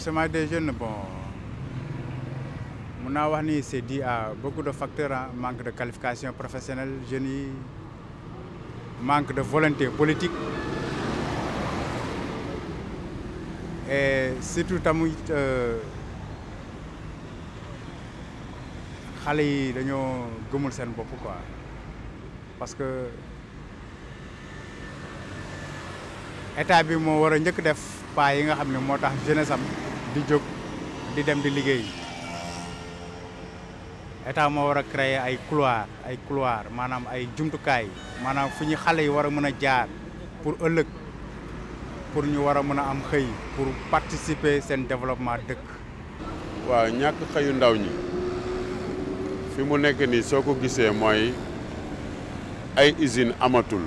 Le chômage des jeunes, bon, mon naa s'est dit c'est dû à beaucoup de facteurs hein. manque de qualification professionnelle jeunes manque de volonté politique et tout tamit euh, xale yi dañoo gëmul seen bopp quoi parce que état bi moo a def pas yi nga xam ne moo jeunesse am di jóg di dem di liggéey état moo war a créer ay couloir ay couloir maanaam ay jumtukaay maanaam fu ñu xale yi war a mën a jaar pour ëllëg pour ñu war a mën a am xëy pour participer seen développement dëkk. waaw ñàkk xëyu ndaw ñi fi mu nekk nii soo ko mooy ay usine amatul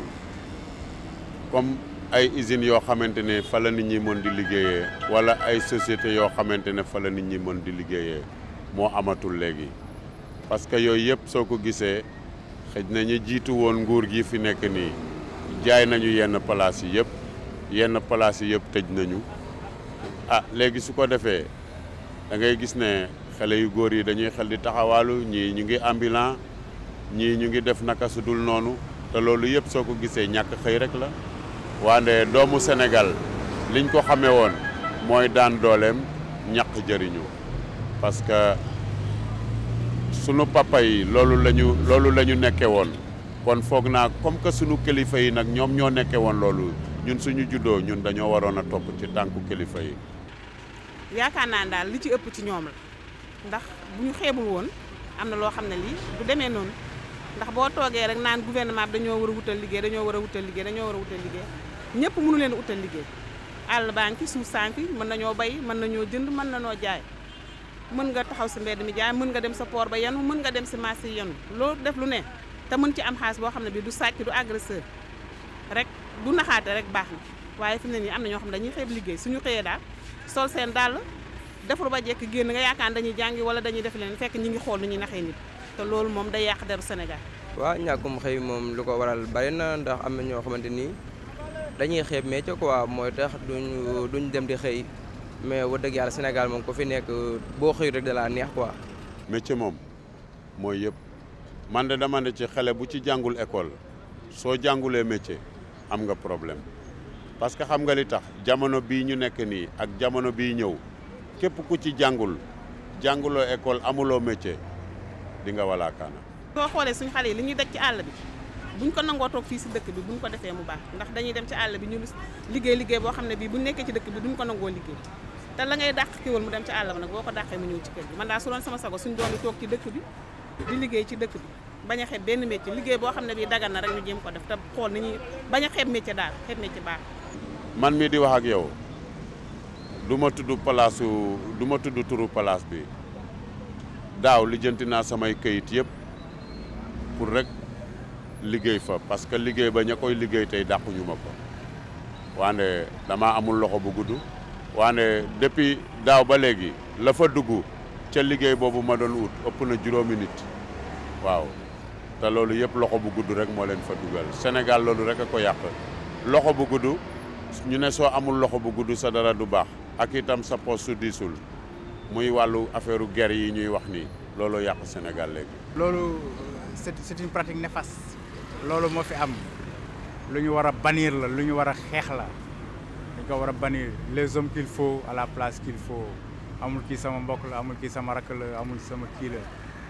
comme. ay usines yoo xamante ne fala la nit ñi mën di liggéeye wala ay sociétés yoo xamante ne fala la nit ñi mën di liggéeye moo amatul léegi parce que yooyu yëpp soo ko gisee xëj na ñu jiitu woon nguur gi fi nekk nii jaay nañu yenn place yi yëpp yenn place yi yëpp tëj nañu ah léegi su ko defee da ngay gis ne xale yu góor yi dañuy xel di taxawaalu ñii ñu ngi ambulant ñii ñu ngi def naka su dul noonu te loolu yëpp soo ko gisee ñàkk xëy rek la waande doomu Sénégal liñ ko xamee woon mooy daan dooleem ñàq jëriñu parce que sunu papa yi loolu lañu loolu la ñu nekkee woon kon foog naa comme que sunu kilifa yi nag ñoom ñoo nekkee woon loolu ñun suñu juddoo ñun dañoo waroon a topp ci tànku kilifa yi. yaakaar naa daal li ci ëpp ci ñoom la ndax bu ñu xeebul woon am na loo xam ne lii du demee noonu. ndax boo toogee rek naan gouvernement bi dañoo war a wutal liggéey dañoo war a wutal liggéey dañoo war a wutal liggéey leen utal liggéey àll baa ngi fi suuf saa fi mën nañoo bay mën nañoo jënd mën nañoo jaay mën nga taxaw si mbedd mi jaay mën nga dem sa poor ba yenu mën nga dem si marché yi yenu loolu def lu ne te mën ci am xaalis boo xam ne bii du sàcc du agresseur rek du naxaate rek baax na waaye fi mu ne nii am na ñoo xam ne dañuy xeeb liggéey su ñu xëyee daal sol seen dàll defar ba jekk génn nga yaakaar dañuy jàngi wala dañuy def leen fekk ñi ngi xool nu ñuy naxee nit te loolu moom day yàq deru Sénégal. waa ñàkkum xëy moom lu ko waral bari na ndax am na ñoo xamante ni dañuy xeeb métier quoi mooy tax duñ duñ dem di xëy mais wax dëgg yàlla Sénégal moom ko fi nekk boo xëy rek da neex quoi. métier moom mooy yëpp man de dama ci xale bu ci jàngul école soo jàngulee métier am nga problème parce que xam nga li tax jamono bii ñu nekk nii ak jamono bii ñëw képp ku ci jàngul jànguloo école amuloo métier. di nga walaakaana. boo xoolee suñu xale yi li ñuy daj ci àll bi buñ ko nangoo toog fii si dëkk bi buñ ko defee mu baax ndax dañuy dem ci àll bi ñu liggéey liggéey boo xam ne bii buñ nekkee ci dëkk bi duñ ko nangoo liggéey te la ngay dàq kiwal mu dem ci àll ba nag boo ko dàqee mu ñëw ci kër gi man daa su doon sama sago suñ doon di toog ci dëkk bi di liggéey ci dëkk bi bañ a benn métier liggéey boo xam ne bii dagan na rek ñu jéem ko def te xool ni ñuy bañ a xeeb métier daal xeeb métier baax man mii di wax ak yow du ma tudd palaasu du ma turu palaas bi dau lijjanti naa samay kayit yëpp pour rek liggéey fa parce que liggéey ba ña koy liggéey tey dàquñu ma ko amul loxo bu gudd waande depuis daw ba léegi la fa dugg ci liggéey bobu ma doon ut ëpp na juróomi nit waaw ta lolu loxo bu gudd rek molen leen fa duggal Sénégal lolu rek ko yaq loxo bu gudd ñu ne so amul loxo bu gudd sa dara du baax ak itam sa poste disul muy walu affaire guerre yi ñuy wax ni lolu yaq Sénégal léegi. lolu c'est une pratique néfaste. lolu mo fi am lu ñu war bannir la lu ñu war a la dañ ko wara bannir les hommes qu'il faut à la place qu'il faut amul ki sama mbokk la amul ki sama rakk la amul sama ki la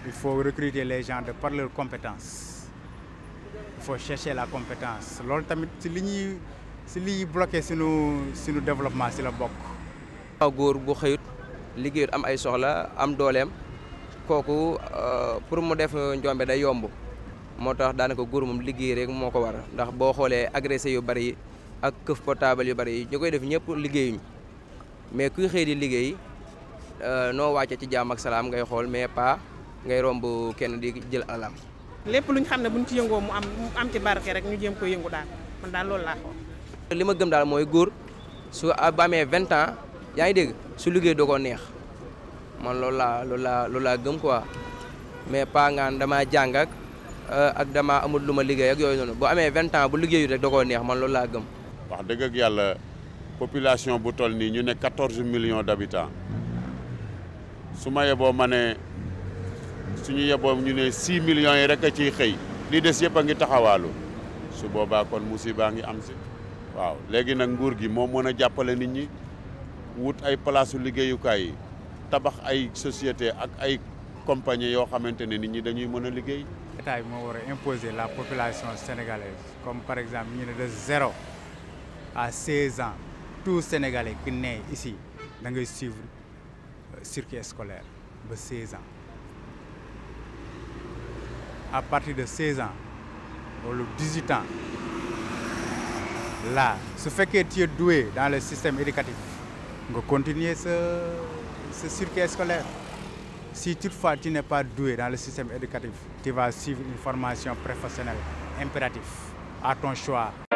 il faut recruter les gens de par leur compétence il faut chercher la compétence lolu tamit ci liñuy ñuy ci liy bloquer sunu sunu développement ci la bok waaw góor bu xeyut liggéeyut am ay soxla am dooleem kooku euh, pour mu def njombe day yomb moo tax daanaka guur moom liggéey rek moo ko war ndax boo xoolee agressé yu bari yi ak këf portable yu bari yi ñu koy def ñëpp liggéeyuñ mais kuy xëy di liggéey euh, noo wàcce ci jàmm ak salaam ngay xool mais pas ngay romb kenn di jël alam lépp lu ñu xam ne buñ ci yëngoo mu am am ci barke rek ñu jëm ko yëngu daal man daal loolu laa xool. li ma gëm daal mooy góor su ba vingt ans. yaa ngi dégg su liggéey doo neex man loolu laa loolu laa loolu laa gëm quoi mais pas ngaan damaa jàng ak euh, ak damaa amul lu ma liggéey ak yooyu noonu boo amee vingt ans bu liggéeyut rek doo ko neex man loolu laa gëm. wax dëgg yàlla population bu toll nii ñu ne quatorze millions d'habitants su ma yeboo ma ne suñu yeboo ñu ne six millions yi rek a ciy xëy lii des yëpp a ngi taxawaalu su boobaa kon musiba ngi am si waaw léegi nag nguur gi moo mën a jàppale nit ñi. wut ay place où tabax ay société ak ay compagnie yo xamantene nit ñi dañuy mëna liggéey état bi mo wara imposer la population sénégalaise comme par exemple ñi de 0 à 16 ans tout sénégalais qui naît ici da suivre le circuit scolaire ba 16 ans à partir de 16 ans ou 18 ans là ce fait que tu es doué dans le système éducatif Go continuer ce, ce circuit scolaire. Si toutefois tu n'es pas doué dans le système éducatif, tu vas suivre une formation professionnelle impérative à ton choix.